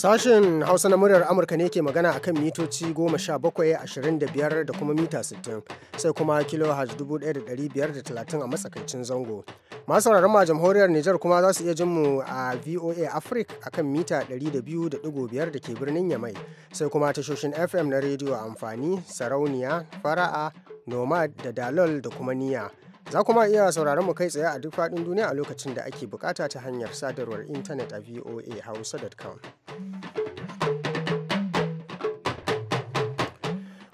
Sashen Hausa na muryar Amurka ne ke magana akan mitoci 17,25 da kuma mita 60 sai kuma da 1,530 a matsakaicin zango. Masu sauraron ma jamhuriyar Nijar kuma za su iya jin mu a VOA Africa akan mita 200.5 da ke birnin Yamai sai kuma tashoshin FM na rediyo amfani, sarauniya, fara'a, nomad da dalol da kuma niya. Za kuma iya sauraron mu kai tsaye a duk faɗin duniya a lokacin da ake bukata ta hanyar sadarwar intanet a VOA voahausa.com.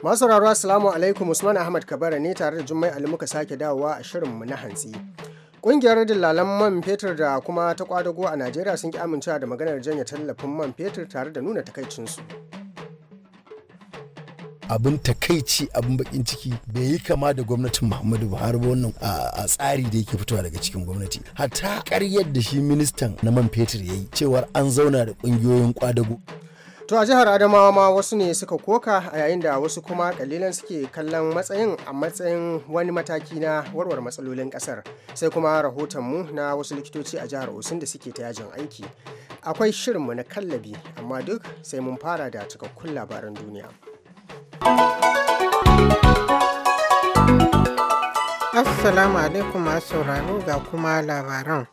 Masu sauraro Assalamu alaikum Usman Ahmad Kabara ne tare da Jummai Ali muka sake dawowa a shirin mu na hantsi. Ƙungiyar dillalan man fetur da kuma ta kwadago a Najeriya sun ki amincewa da maganar janya tallafin man fetur tare da nuna takaicinsu. abin takaici abin bakin ciki bai yi kama da gwamnatin muhammadu buhari ba wannan a tsari da yake fitowa daga cikin gwamnati hatta karyar da shi ministan na man fetur ya yi cewar an zauna da kungiyoyin kwadago to a jihar adamawa ma wasu ne suka koka a yayin da wasu kuma kalilan suke kallon matsayin a matsayin wani mataki na warware matsalolin kasar sai kuma rahotonmu na wasu likitoci a jihar osun da suke ta yajin aiki akwai shirinmu na kallabi amma duk sai mun fara da cikakkun labaran duniya Assalamu alaikum masu sauraro ga kuma labaran.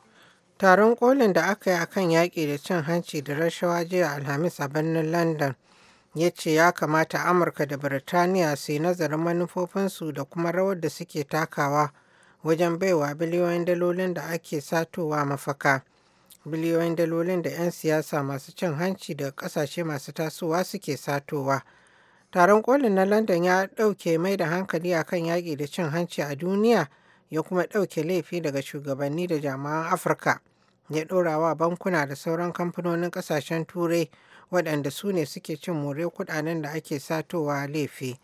Taron kolin da aka yi akan yaƙi da cin hanci da rashawa jiya Alhamis a birnin London ya ce ya kamata Amurka da Birtaniya su yi nazarin manufofinsu da kuma rawar da suke takawa wajen baiwa biliyoyin dalolin da ake satowa mafaka. Biliyoyin dalolin da 'yan siyasa masu cin hanci daga ƙasashe masu tasowa suke satowa. Taron kolin na London ya dauke mai da hankali akan yaƙi da cin hanci a duniya ya kuma dauke laifi daga shugabanni da jama'an Afirka ya ɗorawa bankuna da sauran kamfanonin ƙasashen Turai waɗanda su ne suke cin more kuɗaɗen da ake satowa laifi.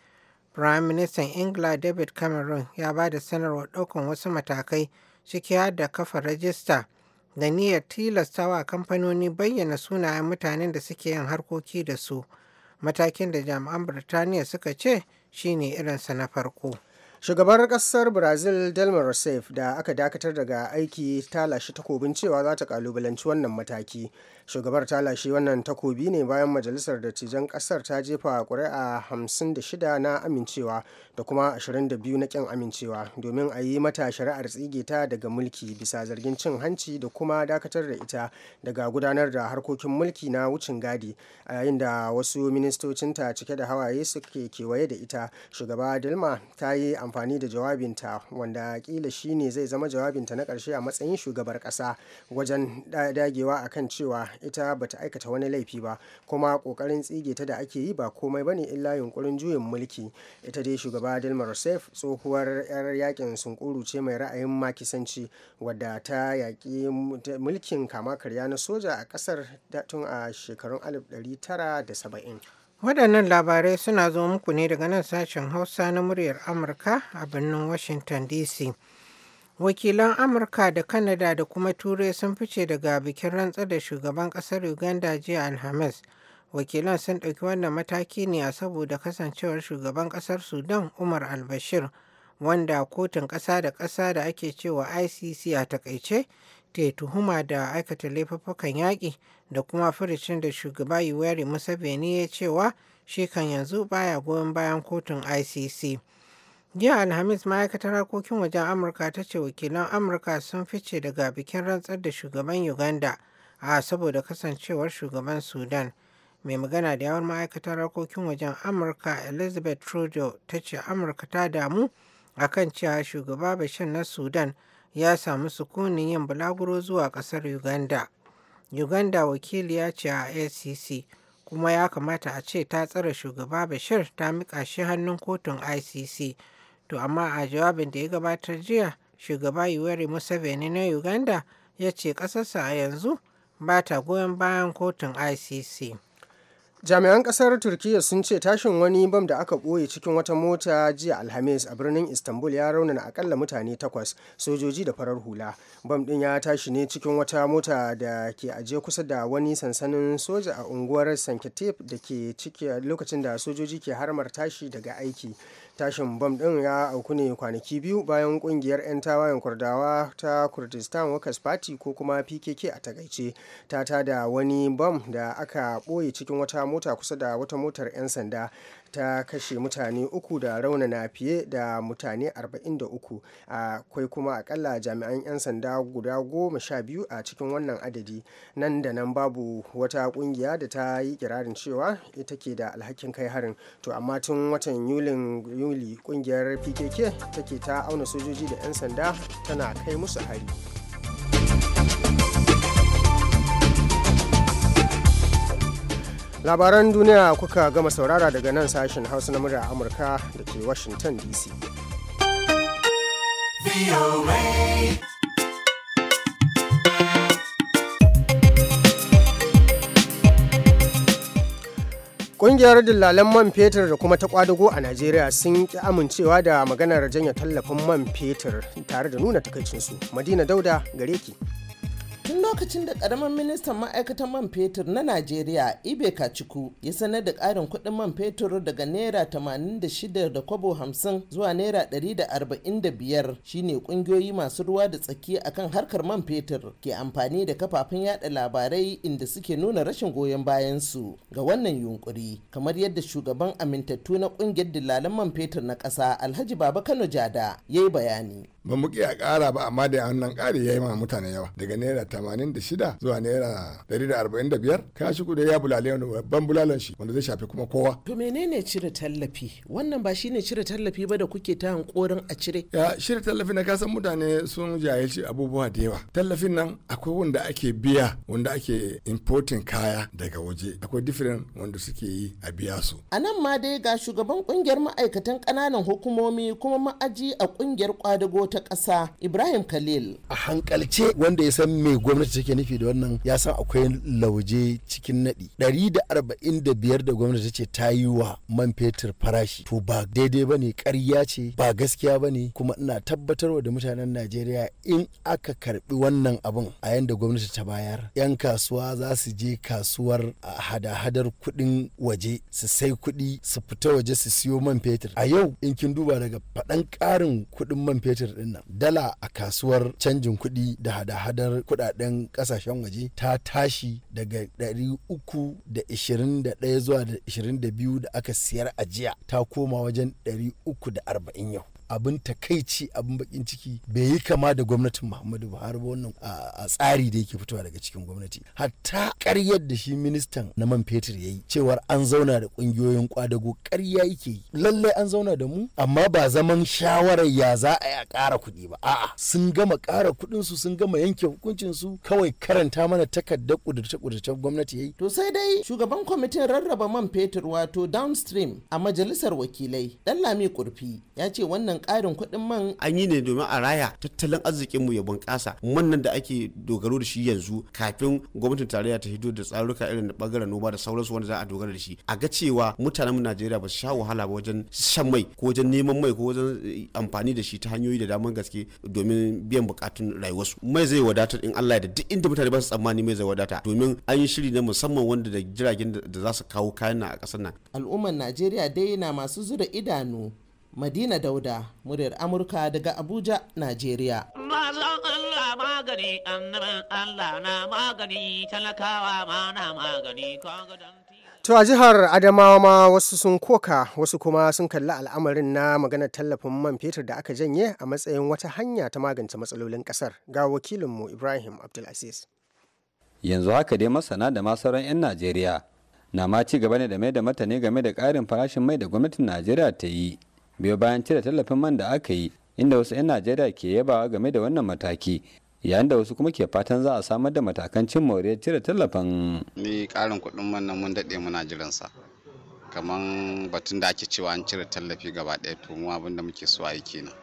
Prime Minister Ingila David Cameron ya ba da sanarwar ɗaukan wasu matakai ciki har da kafa rajista da niyyar tilastawa kamfanoni bayyana sunayen mutanen da suke yin harkoki da su. matakin da jami'an Birtaniya suka ce shine irinsa na farko. shugabar kasar brazil delmar rousseff da aka dakatar daga aiki ta lashe takobin cewa za ta kalubalanci wannan mataki shugabar ta lashe wannan takobi ne bayan majalisar dattijan kasar ta jefa kuri'a 56 na amincewa da kuma 22 na kin amincewa domin a yi mata shari'ar tsige ta daga mulki bisa zargin cin hanci da kuma dakatar da ita daga gudanar da harkokin mulki na wucin gadi a yayin da wasu ministocinta cike da hawaye suke kewaye da ita shugaba delma ta yi amfani da jawabinta wanda kila shine zai zama jawabinta na karshe a matsayin shugabar ƙasa wajen dagewa akan cewa ita bata aikata wani laifi ba kuma ƙoƙarin tsige ta da ake yi ba komai bane illa yunkurin juyin mulki ita dai shugaba Dilma Rousseff tsohuwar 'yar yakin sunkuru ce mai ra'ayin makisanci wadda ta yaki mulkin kama karya na soja a ƙasar tun a shekarun 1970. Waɗannan labarai suna zo muku ne daga nan sashen Hausa na muryar Amurka a birnin Washington DC. Wakilan Amurka da Kanada da kuma Turai sun fice daga bikin rantsar da shugaban ƙasar Uganda jiya Alhamis. Wakilan sun ɗauki wannan mataki ne a saboda kasancewar shugaban ƙasar Sudan Umar albashir wanda kotun ƙasa da ƙasa da ake cewa ICC a taƙaice? ta tuhuma da aikata laifafukan yaƙi da kuma furicin da shugaba yuwari Museveni ya cewa shi kan yanzu baya goyon bayan kotun ICC. jiya alhamis ma'aikatar harkokin wajen amurka ta ce wakilan amurka sun fice daga bikin rantsar da shugaban uganda a saboda kasancewar shugaban sudan mai magana da yawan ma'aikatar harkokin wajen amurka elizabeth trudeau ta ce amurka ta damu akan cewa shugaba bashin na sudan ya samu sukunin yin bulaguro zuwa ƙasar Uganda. Uganda wakiliya ce a ACC kuma ya kamata a ce ta tsare shugaba Bashir ta miƙa shi hannun kotun ICC. To amma a jawabin da ya gabatar jiya, shugaba Yoweri Museveni na Uganda ya ce ƙasarsa a yanzu ba ta goyon bayan kotun ICC. jami'an kasar turkiyya sun ce tashin wani bam da aka ɓoye cikin wata mota jiya alhamis a birnin istanbul ya rauna raunana akalla mutane takwas sojoji da farar hula bam ɗin ya tashi ne cikin wata mota da ke aje kusa da wani sansanin soja a unguwar sanketep da ke ciki lokacin da sojoji ke harmar tashi daga aiki tashin bom ɗin ya auku ne kwanaki biyu bayan ƙungiyar 'yan tawayen kurdawa ta kurdistan workers party ko kuma pkk a takaice ta tada wani bom da aka ɓoye cikin wata mota kusa da wata motar 'yan sanda ta kashe mutane uku da raunana fiye da mutane 43 akwai kuma akalla jami'an 'yan sanda guda goma sha biyu a cikin wannan adadi nan da nan babu wata kungiya da ta yi kirarin cewa ita ke da alhakin kai harin to amma tun watan yulin yuli kungiyar pkk take ta auna sojoji da 'yan sanda tana kai musu hari labaran duniya kuka gama saurara daga nan sashen hausa na murya amurka da ke washington dc Ƙungiyar dillalan man fetur da kuma ta kwadago a Najeriya sun ƙi amincewa da maganar janya tallafin man fetur tare da nuna takaicinsu. Madina Dauda gare ki. tun lokacin da karamin ministan ma'aikatan man fetur na najeriya ibe kaciku ya sanar da karin kudin man fetur daga naira 86 da kwabo 50 zuwa naira 145 shine kungiyoyi masu ruwa da tsaki akan harkar man fetur ke amfani da kafafen yada labarai inda suke nuna rashin goyon bayan su ga wannan yunkuri kamar yadda shugaban amintattu na kungiyar dillalan man fetur na ƙasa alhaji baba kano jada ya yi bayani ba mu a ƙara ba amma da wannan ƙari ya yi ma mutane yawa daga naira tamanin da shida zuwa naira ɗari da arba'in da biyar kashi kuɗi ya bulale wani babban bulalan shi wanda zai shafi kuma kowa. to menene cire tallafi wannan ba shine cire tallafi ba da kuke ta hankorin a cire. ya cire tallafi na kasan mutane sun jahilci abubuwa da yawa tallafin nan akwai wanda ake biya wanda ake importing kaya daga waje akwai different wanda suke yi a biya su. a nan ma dai ga shugaban ƙungiyar ma'aikatan ƙananan hukumomi kuma ma'aji a kungiyar kwadago ta ƙasa Ibrahim Khalil. A hankalce wanda ya san me gwamnati take nufi da wannan ya san akwai lauje cikin naɗi. Ɗari da arba'in da biyar da gwamnati ce ta yi wa man fetur farashi. To ba daidai ba ne ƙarya ce ba gaskiya ba ne kuma ina tabbatarwa da mutanen Najeriya in aka karɓi wannan abun. a yanda gwamnati ta bayar. 'Yan kasuwa za su je kasuwar hada-hadar kuɗin waje su sai kuɗi su fita waje su siyo man fetur. A yau in kin duba daga faɗan ƙarin kuɗin man fetur din nan dala a kasuwar canjin kuɗi da hada-hadar kuɗaɗen ƙasashen waje ta tashi daga 321 zuwa 22 da aka siyar a jiya ta koma wajen ɗari uku da arba'in yau abin takaici abin bakin ciki bai yi kama da gwamnatin muhammadu buhari ba wannan a tsari da yake fitowa daga cikin gwamnati hatta karyar da shi ministan na man fetur ya yi cewar an zauna da kungiyoyin kwadago karya yake yi lallai an zauna da mu amma ba zaman shawarar ya za a ya kara ƙara kuɗi ba a'a sun gama kara kuɗin su sun gama yanke hukuncin su kawai karanta mana takardar kudurce kudurcen gwamnati ya yi. to sai dai shugaban kwamitin rarraba man fetur wato downstream a majalisar wakilai dan lami kurfi ya ce wannan wannan kuɗin man an yi ne domin a raya tattalin arzikin mu ya bunƙasa wannan da ake dogaro da shi yanzu kafin gwamnatin tarayya ta hito da tsaruka irin da bangaren noma da sauransu wanda za a dogara da shi a ga cewa mutanen mu Najeriya ba su sha wahala ba wajen shan mai ko wajen neman mai ko wajen eh, amfani da shi ta hanyoyi da daman gaske domin biyan bukatun rayuwarsu mai zai wadata in Allah ya da duk inda mutane ba su tsammani mai zai wadata domin an yi shiri na musamman wanda da jiragen da za su kawo kayan na a ƙasar nan al'ummar Najeriya dai na masu zura idanu Madina Dauda, muryar Amurka daga Abuja, Najeriya. Allah talakawa ma To a jihar Adamawa ma wasu sun koka wasu kuma sun kalli al'amarin na maganar tallafin man fetur da aka janye a matsayin wata hanya ta magance matsalolin kasar ga wakilinmu Ibrahim Abdulaziz. Yanzu haka dai masana da masaran 'yan Najeriya na ma ci gaba ne da mai da matane game da ƙarin farashin mai da gwamnatin Najeriya ta yi biyo bayan cire tallafin man da aka yi inda wasu 'yan najeriya ke yabawa game da wannan mataki yayin da wasu kuma ke fatan za a samar da matakan cin moriya cire tallafin ni karin kuɗin man nan mun daɗe muna jiransa kamar batun da ake cewa an cire tallafi gaba ɗaya to mu abin da muke so a kenan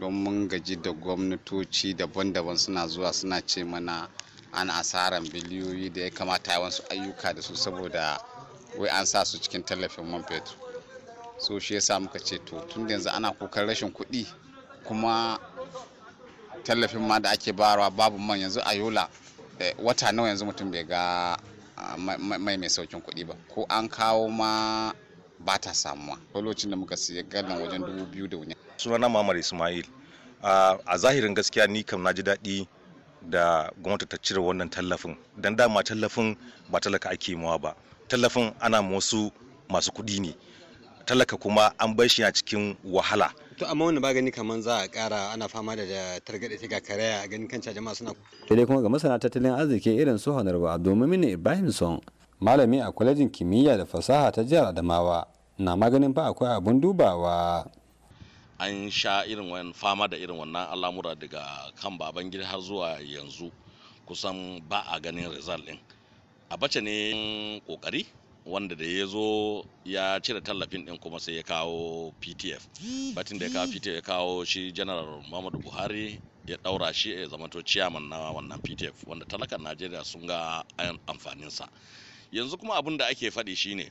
don mun gaji da gwamnatoci daban-daban suna zuwa suna ce mana ana asaran biliyoyi da ya kamata wasu ayyuka da su saboda wai an sa su cikin tallafin man fetur so shi yasa muka ce to tun da yanzu ana kokar rashin kuɗi kuma tallafin ma da ake bayarwa babu man yanzu a yola eh, wata nawa yanzu mutum bai ga ah, mai mai saukin kuɗi ba ko an kawo ma ba ta samuwa lokacin da muka siya galan wajen dubu biyu da wuni sunana mamar ismail ah, a zahirin gaskiya ni kam na ji daɗi da gwamnati ta cire wannan tallafin don dama tallafin ba talaka ake mawa ba tallafin ana wasu masu kuɗi ne talaka kuma an bar shi a cikin wahala to amma wannan ba gani kamar za a kara ana fama da targaɗe ta karaya a ganin kanca jama'a suna sai dai kuma ga masana tattalin arziki irin su honarwa domin mini ibrahim son malami a kwalejin kimiyya da fasaha ta jihar adamawa na maganin ba akwai abun dubawa an sha irin wannan fama da irin wannan al'amura daga kan baban gida har zuwa yanzu kusan ba a ganin result din bace ne kokari wanda da ya zo ya cire tallafin din kuma sai ya kawo ptf batin da ya kawo ptf ya kawo shi janar muhammadu buhari ya daura shi ya zamanto ciyaman na wannan ptf wanda talakan najeriya sun ga amfaninsa yanzu kuma abin da ake faɗi shine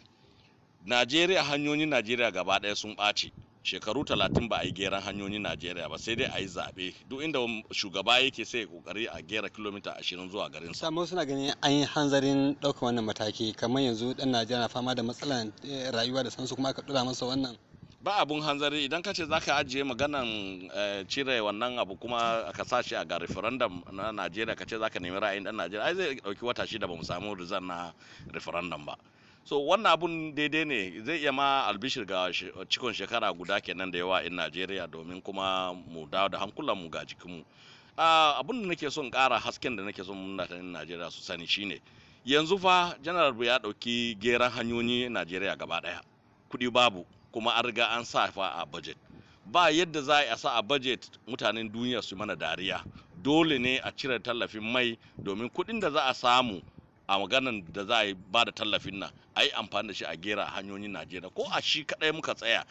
najeriya hanyoyin najeriya gaba ɗaya sun ɓace shekaru talatin ba a yi geran hanyoyin najeriya ba sai dai a yi zaɓe duk inda shugaba yake sai ya kokari a gera kilomita ashirin zuwa garin sa amma suna ganin an yi hanzarin ɗaukar wannan mataki kamar yanzu ɗan najeriya na fama da matsalan eh, rayuwa da sansu kuma aka ɗora masa wannan ba abun hanzari idan ka ce za ka ajiye maganan eh, cire wannan abu kuma ka sa shi a ga referendum na najeriya ka ce za ka nemi ra'ayin ɗan najeriya ai zai ɗauki wata shida ba mu samu rizan na referendum ba so wannan abun daidai ne zai iya ma albishir ga cikon shekara guda kenan da yawa in najeriya domin kuma mu dawo da hankulan mu ga jikinmu ah, abun da nake son kara hasken da nake son mutanen najeriya su sani shine yanzu fa janar ya dauki geran hanyoyi najeriya gaba daya kudi babu kuma an riga an sa fa a budget ba yadda za a sa a budget mutanen duniya su mana dariya dole ne a cire tallafin mai domin kudin da za a samu a maganan da za a yi ba da tallafin nan a yi amfani da shi a gera hanyoyin najeriya ko a shi kadai muka tsaya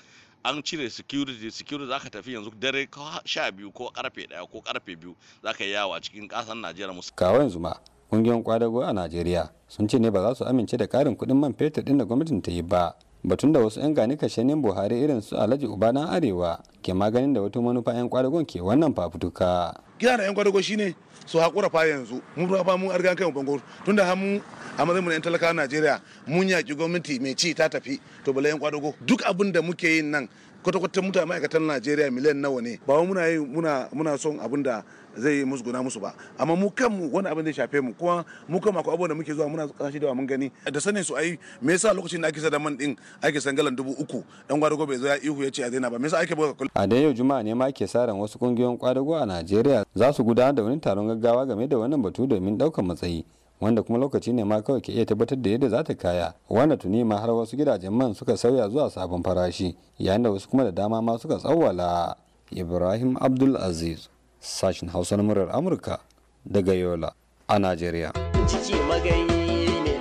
an cire security security za ka tafi yanzu dare sha biyu ko karfe daya ko karfe biyu za ka yi yawa cikin kasan najeriya musu kawo yanzu ma kungiyoyin kwadago a najeriya sun ce ne ba za su amince da karin kudin man fetur din da gwamnatin ta yi ba batun da wasu 'yan gani kashenin buhari irin su alhaji ubadan arewa ke maganin da wata manufa 'yan kwadagon ke wannan fafutuka gida da 'yan kwadago shine su haƙura fa yanzu mun fa mun arga kai bango tun da hamu a matsayin mu na 'yan talaka najeriya mun yaƙi gwamnati mai ci ta tafi to bala 'yan kwadago duk abin da muke yin nan kwata-kwata mutane ma'aikatan najeriya miliyan nawa ne ba muna yi muna muna son abin da zai musguna musu ba amma mu kanmu wani abin zai shafe mu kuma mu kanmu akwai abubuwan da muke zuwa muna kasashe da mun gani da sanin su ai me yasa lokacin da ake da man din ake san galan dubu uku dan gwadago bai zo ya ihu ya ce a daina ba me yasa ake buga a da yau juma'a ne ma ke saran wasu kungiyoyin kwadago a Najeriya za su gudanar da wani taron gaggawa game da wannan batu domin daukar matsayi wanda kuma lokaci ne ma kawai ke iya tabbatar da yadda za ta kaya wanda tuni ma har wasu gidajen man suka sauya zuwa sabon farashi yayin da wasu kuma da dama ma suka tsawwala ibrahim abdul aziz sashen hausa na murar amurka daga yola a najeriya ciki magayi ne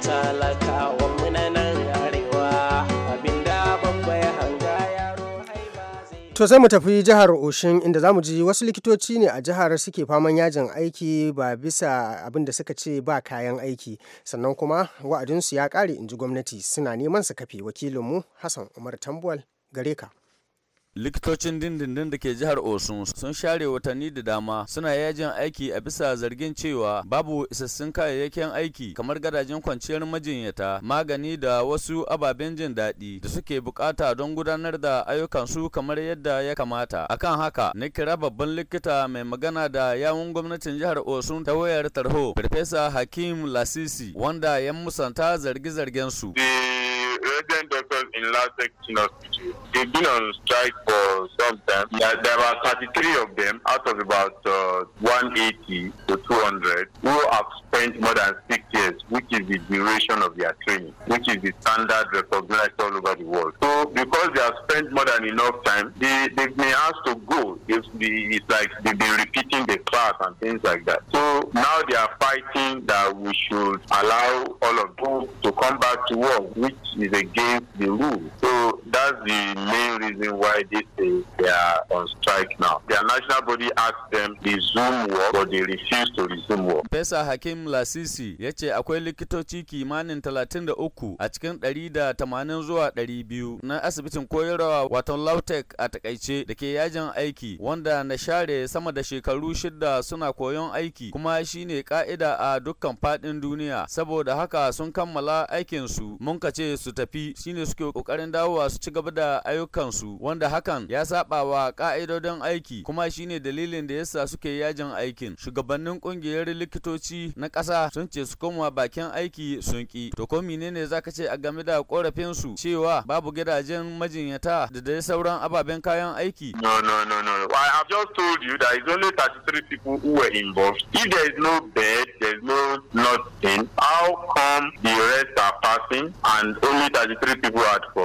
to sai mu tafi jihar oshin inda zamu ji wasu likitoci ne a jihar suke faman yajin aiki ba bisa abin suka ce ba kayan aiki sannan kuma wa'adinsu ya kare inji gwamnati suna neman su kafe wakilinmu hassan umar tambuwal gare ka likitocin dindindin da ke jihar osun sun share watanni da dama suna yajin aiki a bisa zargin cewa babu isassun kayayyakin aiki kamar gadajen kwanciyar majinyata magani da wasu ababen jin daɗi da suke bukata don gudanar da ayyukansu kamar yadda ya kamata akan haka na kira babban likita mai magana da yawun gwamnatin jihar osun ta wayar tarho farfesa hakim lasisi wanda ya musanta zargi zargensu. Eh, resident doctors in Lasek Hospital. They've been on strike for some time. There are 33 of them out of about uh, 180 to 200 who have spent more than six years, which is the duration of their training, which is the standard recognized all over the world. So because they have spent more than enough time, they, they've been asked to go. It's, the, it's like they've been repeating the class and things like that. So now they are fighting that we should allow all of them to come back to work, which is a against the rule. So that's the main reason why they say they are on strike now. Their national body asked them to resume work, but they refuse to resume work. Pesa Hakim Lasisi ya ce akwai likitoci kimanin 33 a cikin 180 zuwa 200 na asibitin koyarwa watan Lautek a takaice da ke yajin aiki wanda na share sama da shekaru shida suna koyon aiki kuma shine ka'ida a dukkan fadin duniya saboda haka sun kammala aikinsu mun kace su tafi shine suke kokarin dawowa su ci gaba da ayyukansu wanda hakan ya saba wa ka'idodin aiki kuma shine dalilin da yasa suke yajin aikin shugabannin kungiyar likitoci na ƙasa sun ce su koma bakin aiki sun ki to ko menene zaka ce a game da korafin su cewa babu gidajen majinyata da dai sauran ababen kayan aiki no no no no i have just told you that it's only 33 people who were involved if there is no bed there is no nothing how come the rest are passing and only 33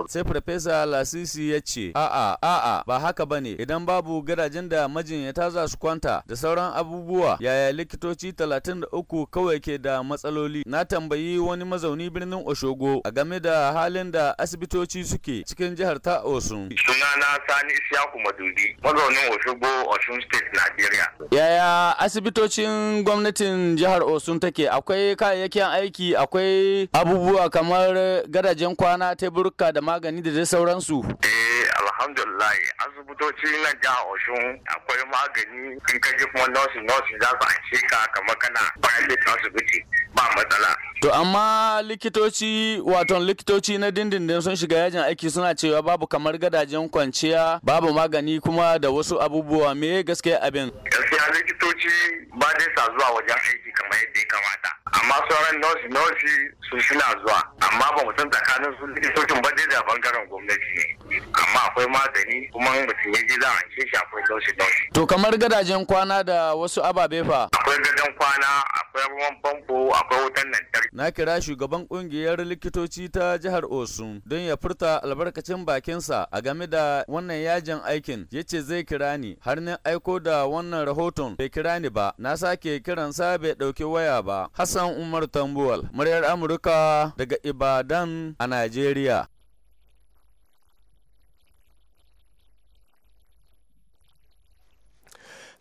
Sai Farfesa Lasisi ya ce, A'a, a'a, ba haka ba ne, idan babu gadajen da majinyata za su kwanta da sauran abubuwa yaya likitoci 33 kawai ke da matsaloli. Na tambayi wani mazauni birnin Oshogo a game da halin da asibitoci suke cikin jihar ta Osun. Sunana Sani Isyaku Madudi, mazaunin Oshogo, Osun State, Nigeria. Yaya asibitocin gwamnatin jihar Osun take akwai kayayyakin aiki akwai abubuwa kamar gadajen kwa. kwana burka da magani da dai sauransu eh, alhamdulillah asibitoci na ga oshun akwai magani in ka ji kuma nosi nosi za su anshe ka kamar kana private asibiti ba matsala to amma likitoci waton likitoci na dindindin sun shiga yajin aiki suna cewa babu kamar gadajen kwanciya babu magani kuma da wasu abubuwa me gaskiya abin gaskiya likitoci ba dai sa zuwa wajen aiki kamar yadda ya kamata amma sauran nosi nosi su suna zuwa amma ba mu san tsakanin su likitocin ba da bangaren gwamnati ne amma akwai magani kuma mutum ya ji za a ce akwai nosi nosi. to kamar gadajen kwana da wasu ababe fa. akwai gadon kwana akwai ruwan famfo akwai wutan lantarki. na kira shugaban kungiyar likitoci ta jihar osun don ya furta albarkacin bakinsa a game da wannan yajin aikin ya ce zai kira ni har ni aiko da wannan rahoton bai kira ni ba na sake kiransa bai ɗauki waya ba. Hassan Umar Tambuwal, muryar Amurka daga Ibadan a Najeriya.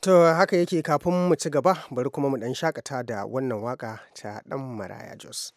To haka yake kafin mu ci gaba bari kuma mu ɗan shakata da wannan waka ta ɗan Maraya Jos.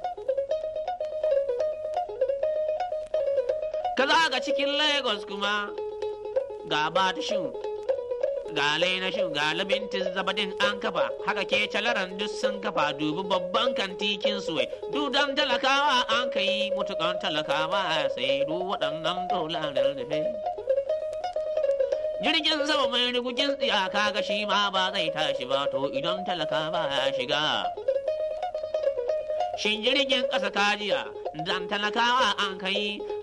ka zaga cikin lagos kuma ga batushin ga lainashin ga labintin zabadin an kafa haka ke calaran duk sun kafa dubi babban kantikin suwai dudan talakawa an ka yi mutukan talakawa sai du waɗannan dolarar da jirgin sama mai rigujin tsiyaka ga shi ma ba zai tashi ba to idan talakawa ya shiga shin jirgin ƙasa kajiya dan talakawa an kai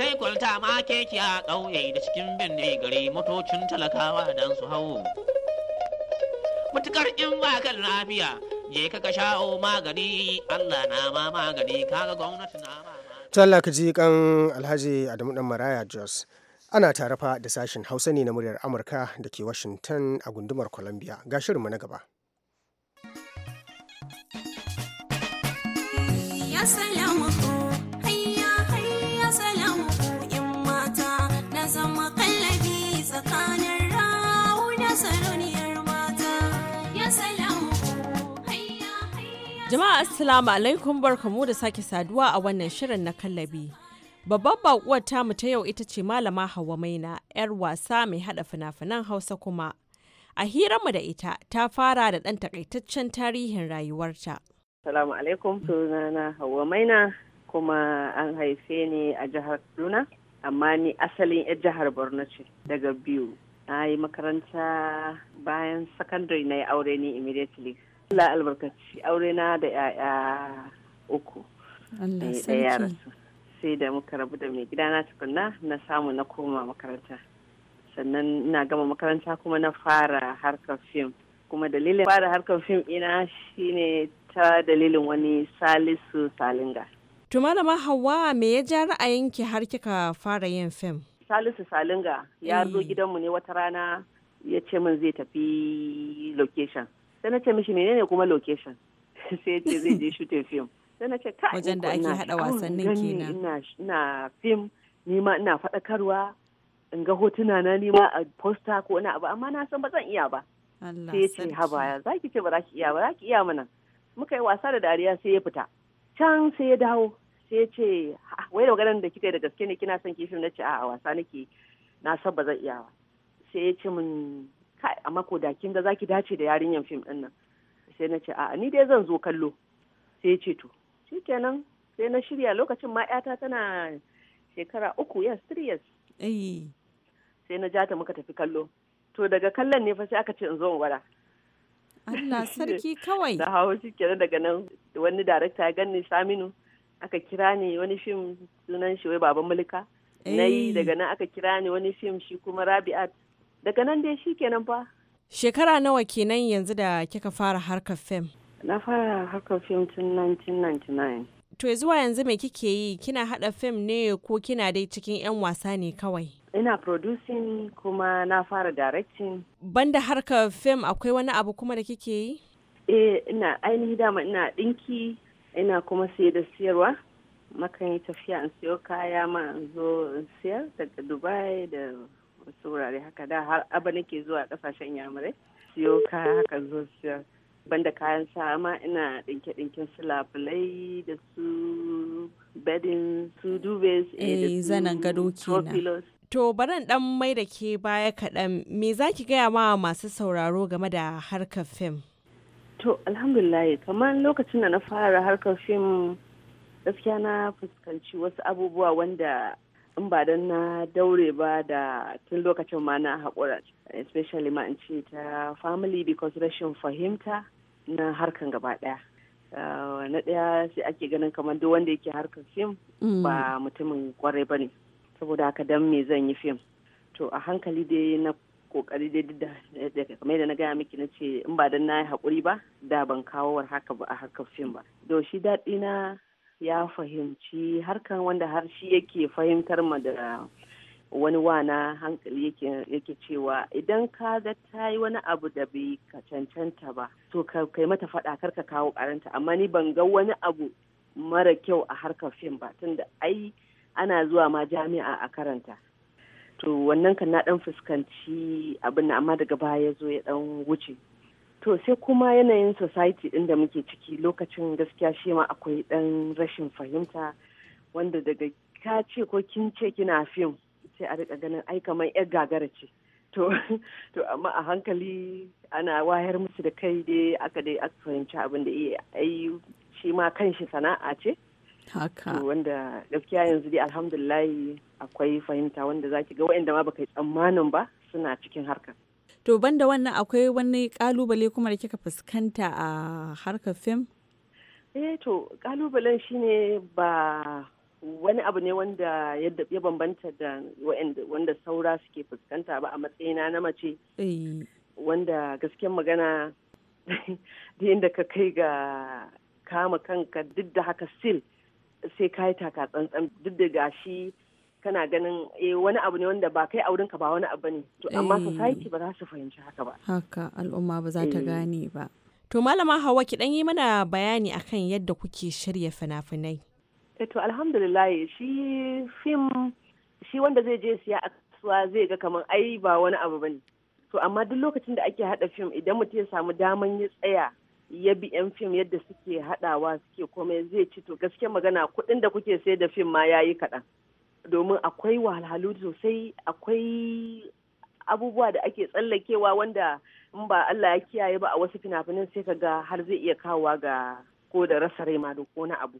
ta yi kwalta ma keke a ƙauye da cikin binne gari motocin talakawa don su hau mutukar in ba kan lafiya je ka ka o magani allah na ma magani kaga gwamnati na ma talla ji kan alhaji adamu dan maraya jos ana tarafa da sashen hausa ne na muryar amurka da ke washington a gundumar columbia ga shirinmu na gaba ya salamu Jama'a Assalamu alaikum barkamu da sake saduwa a wannan shirin na kallabi. babban bakuwar tamu ta yau ita ce Malama Hauwa Maina, 'yar wasa mai haɗa fina-finan Hausa kuma. A hiranmu da ita ta fara da ɗan takaitaccen tarihin rayuwarta. Assalamu alaikum sunana Hauwa Maina kuma an haife ni a jihar Kaduna, amma ni asalin 'yar jihar Borno ce daga biyu. Na yi makaranta bayan sakandare na yi aure ni immediately Allah albarkaci aure na da 'ya'ya uku. Allah eh, sarki. Sai da muka rabu da mai na tukunna na samu na koma makaranta. Sannan ina gama makaranta kuma na fara harkar fim. Kuma dalilin fara harkar fim ina shine ta dalilin wani Salisu Salinga. Tumana ma Hauwa me ya ja ra'ayinki har kika fara yin fim? Salisu Salinga ya zo eh. gidanmu ne wata rana ya ce min zai tafi location. sai na ce mishi menene kuma location sai ce zai je shooting film sai na ce kai wajen da ake hada wasannin kenan ina ina film ni ma ina fadakarwa in ga hotuna na ni ma a poster ko na abu amma na san ba zan iya ba sai ce haba ya zaki ce ba za ki iya ba za ki iya mana muka yi wasa da dariya sai ya fita can sai ya dawo sai ya ce wai da maganar da kika yi da gaske ne kina son kifin na ce a wasa nake na san ba zan iya ba sai ya ce min kai a mako da kin ga zaki dace da yarinyan fim din nan sai na ce a'a ni dai zan zo kallo sai ya ce to shikenan sai na shirya lokacin ma yata tana shekara uku yes three years sai na ja ta muka tafi kallo to daga kallon ne fa sai aka ce in zo in gwara. Allah sarki kawai da hawo shikenan daga nan wani director ya ganni Saminu aka kira ni wani fim sunan shi wai baban mulka na yi daga nan aka kira ni wani fim shi kuma Rabi'at daga nan dai shi kenan fa shekara nawa kenan yanzu da kika fara harkar fim na fara harkar fim tun 1999 to zuwa yanzu mai kike yi kina hada fim ne ko kina dai cikin 'yan wasa ne kawai ina producing kuma na fara directing banda harkar fim akwai wani abu kuma da kike yi eh ina ainihi dama ina dinki ina kuma sai da siyarwa makan yi tafiya in siyo kaya ma in zo in siyar daga dubai da wasu saurare haka da har abin nake zuwa kasashen yamurai siyo kaya haka zo banda kayan sama ina dinke dinkin su labulai da su bedding su dubes eh, eh zanan gado kenan To baran dan mai da ke baya kaɗan me za ki gaya ma masu sauraro game da harkar fim? To alhamdulillah kamar lokacin da na fara harkar fim gaskiya na fuskanci wasu abubuwa wanda in ba don na daure ba da tun lokacin ma na haƙura especially ma in ce ta family because rashin fahimta na harkan gaba ɗaya ah, na ɗaya sai ake ganin kamar duk wanda yake harkan fim mm. ba mutumin kwarai ba ne saboda haka dan me zan yi fim to a hankali dai na kokari dai da kamar yadda na gaya miki na ce in ba don na yi haƙuri ba da ban kawo haka ba a harkar fim ba to shi daɗi na ya fahimci harkan wanda har shi yake fahimtar ma da wani wana hankali yake cewa idan ka ga ta yi wani abu da bai ka cancanta ba to kai mata faɗa kar ka kawo karanta amma ni ban ga wani abu mara kyau a harkar fim ba tunda ai ana zuwa ma jami'a a karanta to wannan kan na dan fuskanci abin amma daga baya ya zo ya ɗan wuce to sai kuma yanayin society ɗin da muke ciki lokacin gaskiya shi ma akwai ɗan rashin fahimta wanda daga ka ce ko kin ce kina fim sai a riƙa ganin ai kamar yar gagara ce to amma a hankali ana wayar musu da kai dai aka dai aka fahimci abin da iya ai shi ma kanshi sana'a ce haka wanda gaskiya yanzu dai alhamdulillah akwai fahimta wanda zaki ga waɗanda ma baka yi tsammanin ba suna cikin harkar To banda wannan akwai wani kalubale kuma da kika fuskanta a harkar fim? Eh to kalubalen shine ba wani abu ne wanda ya bambanta da wanda saura suke fuskanta ba a matsayina na mace. Eh. Wanda gasken magana da inda ka kai ga kama kanka duk da haka sil sai ka yi taka tsantsan duk da gashi kana ganin eh wani abu ne wanda ba kai aurenka ba wani abu ne to amma eh. society ba za su fahimci haka ba haka al'umma ba za ta eh. gane ba to malama hawa ki dan yi mana bayani akan yadda kuke shirya fina-finai eh to alhamdulillah shi film shi wanda zai je siya a kasuwa zai ga kamar ai ba wani abu bane to amma duk lokacin da ake hada film idan mutum ya samu daman ya tsaya ya bi yan fim yadda suke hadawa suke komai zai ci to gaske magana kuɗin da kuke sayar da fim ma yayi kaɗan domin akwai wahalhalu sosai akwai abubuwa da ake tsallakewa wanda in ba Allah ya kiyaye ba a wasu fina-finan sai ka ga har zai iya kawowa ga ko da rasa rai ma da ko na abu.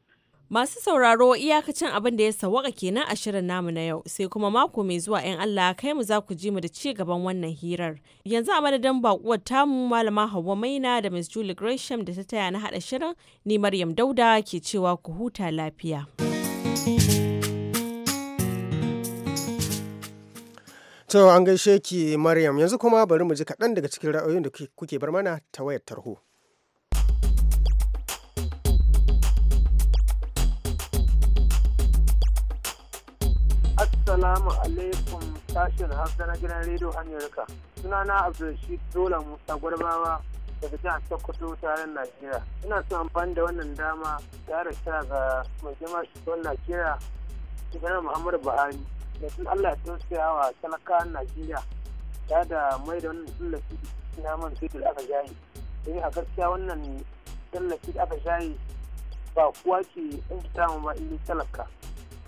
Masu sauraro iyakacin abin da ya sawaka kenan a shirin namu na yau sai kuma mako mai zuwa 'yan Allah kai mu za ku ji mu da ci gaban wannan hirar. Yanzu a madadin bakuwar tamu malama Hauwa Maina da Miss Julie Gresham da ta taya na haɗa shirin ni Maryam Dauda ke cewa ku huta lafiya. To an gaishe ki Maryam yanzu kuma bari mu ji kaɗan daga cikin ra'ayoyin da kuke bar mana ta wayar tarho. Assalamu alaikum sashen Hausa na gidan rediyo Amerika. Sunana Abdulrashid Dola Musa Gwarbawa daga jihar Sokoto taron Najeriya. Ina son amfani da wannan dama tare da ga mai jama'a shugaban Najeriya, Shugaban Muhammadu Buhari. da Allah sun saya wa talakawan Najeriya ta da mai da wannan tallafi na man fetur aka jayi don a gaskiya wannan tallafi aka jayi ba kuwa ke in samu ba in talaka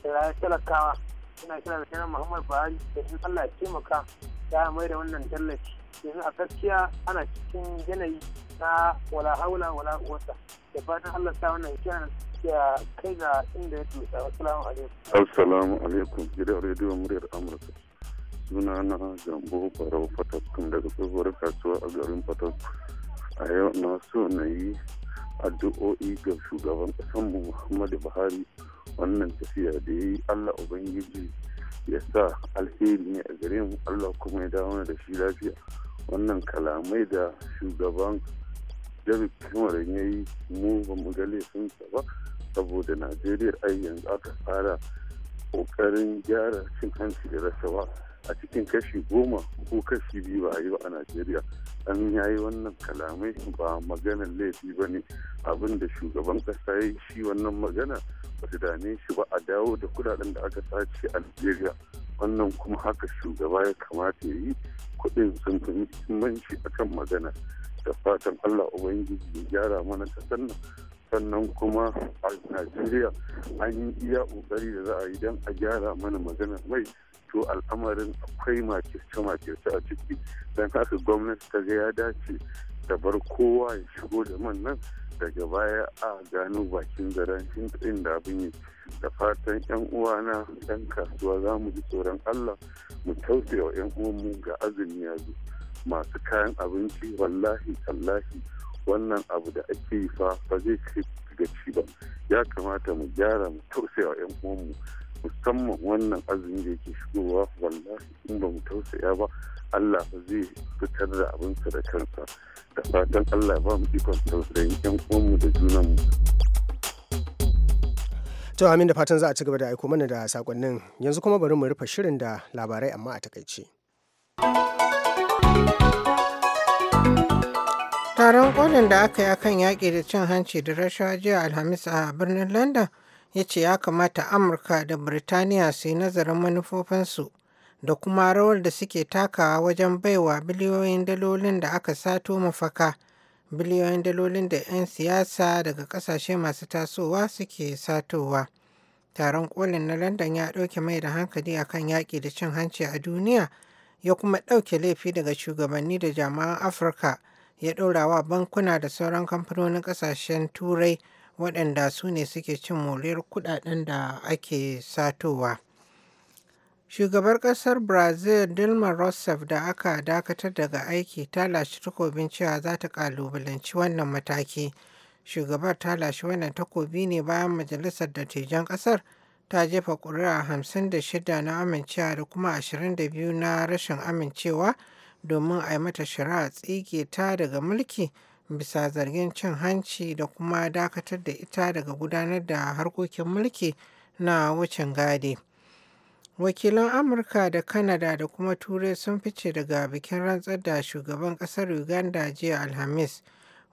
da rayar talakawa suna kira da kira Muhammad Buhari da sun Allah ya taimaka ta mai da wannan tallafi yanzu a gaskiya ana cikin yanayi na wala haula wala quwwata da fatan Allah sa wannan kiran ya kai ga inda ya tusa assalamu alaikum assalamu alaikum gidan rediyon muryar Amurka suna na Jambo Barau kan daga tsohuwar kasuwa a garin Fatakum a yau na so na yi addu'o'i ga shugaban mu Muhammadu Buhari wannan tafiya da ya yi Allah Ubangiji ya sa alheri ne a gare mu Allah kuma ya dawo da shi lafiya wannan kalamai da shugaban david cameron ya yi mu ba mu ga laifinsa ba saboda najeriya ai yanzu aka fara kokarin gyara cin hanci da rasawa a cikin kashi goma ko kashi biyu ba a yi ba a najeriya an yayi wannan kalamai ba maganar laifi ba ne abin da shugaban kasa ya yi shi wannan magana ba su dame shi ba a dawo da kudaden da aka sace a najeriya wannan kuma haka shugaba ya kamata ya yi kuɗin sun fi muhimmanci akan magana da fatan allah ubangiji ya gyara mana kasar nan sannan kuma a najeriya an yi iya ƙoƙari da za a yi don a gyara mana magana mai to al'amarin akwai makirce-makirce a ciki don haka gwamnati ta ga ya dace da bar kowa ya shigo da man nan daga baya a gano bakin zaren inda abin yi da fatan yan uwana yan kasuwa za mu ji tsoron allah mu tausaya wa yan uwanmu ga azumi ya zo masu kayan abinci wallahi tallahi wannan abu da ake yi fa ba zai kai ci ba ya kamata mu gyara mu wa yan uwanmu musamman wannan azumi da yake shigowa wallahi in ba mu tausaya ba Allah ba zai fitar da abinsa da kansa da fatan Allah ba mu ikon tausayin yan uwanmu da mu. To amin da fatan za a ci gaba da aiko mana da sakonnin yanzu kuma bari mu rufe shirin da labarai amma a takaice. Taron kolin da aka yi kan yaƙi da cin hanci da rashawa jiya Alhamis a birnin London ya ce ya kamata Amurka da Birtaniya su yi nazarin manufofinsu da kuma rawar da suke takawa wajen baiwa biliyoyin dalolin da aka sato mafaka, biliyoyin dalolin da 'yan siyasa daga ƙasashe masu tasowa suke satowa. Taron kolin na London ya ɗauke mai da hankali a kan yaƙi da cin hanci a duniya ya kuma ɗauke laifi daga shugabanni da jama'an Afirka. ya ɗora wa bankuna da sauran kamfanonin ƙasashen turai waɗanda su ne suke cin moriyar kuɗaɗen da ake satowa. Shugabar ƙasar Brazil Dilma Rousseff da aka dakatar daga aiki ta lashe takobin cewa za ta ƙalubalanci wannan mataki. Shugabar ta lashe wannan takobi ne bayan majalisar dattijan ƙasar ta jefa ƙuri'a 56 na amincewa da kuma 22 na rashin amincewa domin a yi mata shari'a tsige ta daga mulki bisa zargin cin hanci da kuma dakatar da ita daga gudanar da harkokin mulki na wucin gadi. Wakilan Amurka da Kanada da kuma Turai sun fice daga bikin rantsar da shugaban ƙasar Uganda jiya Alhamis.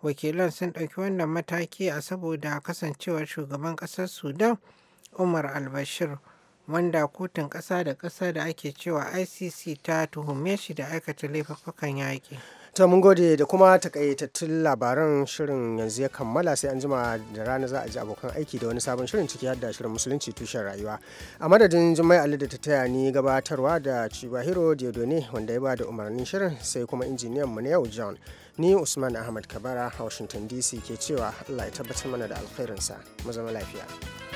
Wakilan sun ɗauki wannan mataki a saboda kasancewar shugaban ƙasar Sudan Umar al-Bashir wanda kotun ƙasa da kasa da ake cewa icc ta tuhume shi da aikata laifuffukan yaƙi ta mun gode da kuma takaitattun labaran shirin yanzu ya kammala sai an jima da rana za a ji abokan aiki da wani sabon shirin ciki hadda shirin musulunci tushen rayuwa a madadin jimai ali da ta taya ni gabatarwa da cibahiro diodone wanda ya ba da umarnin shirin sai kuma injiniyan mu na yau john ni usman ahmad kabara a washington dc ke cewa allah ya tabbatar mana da alkhairinsa mu zama lafiya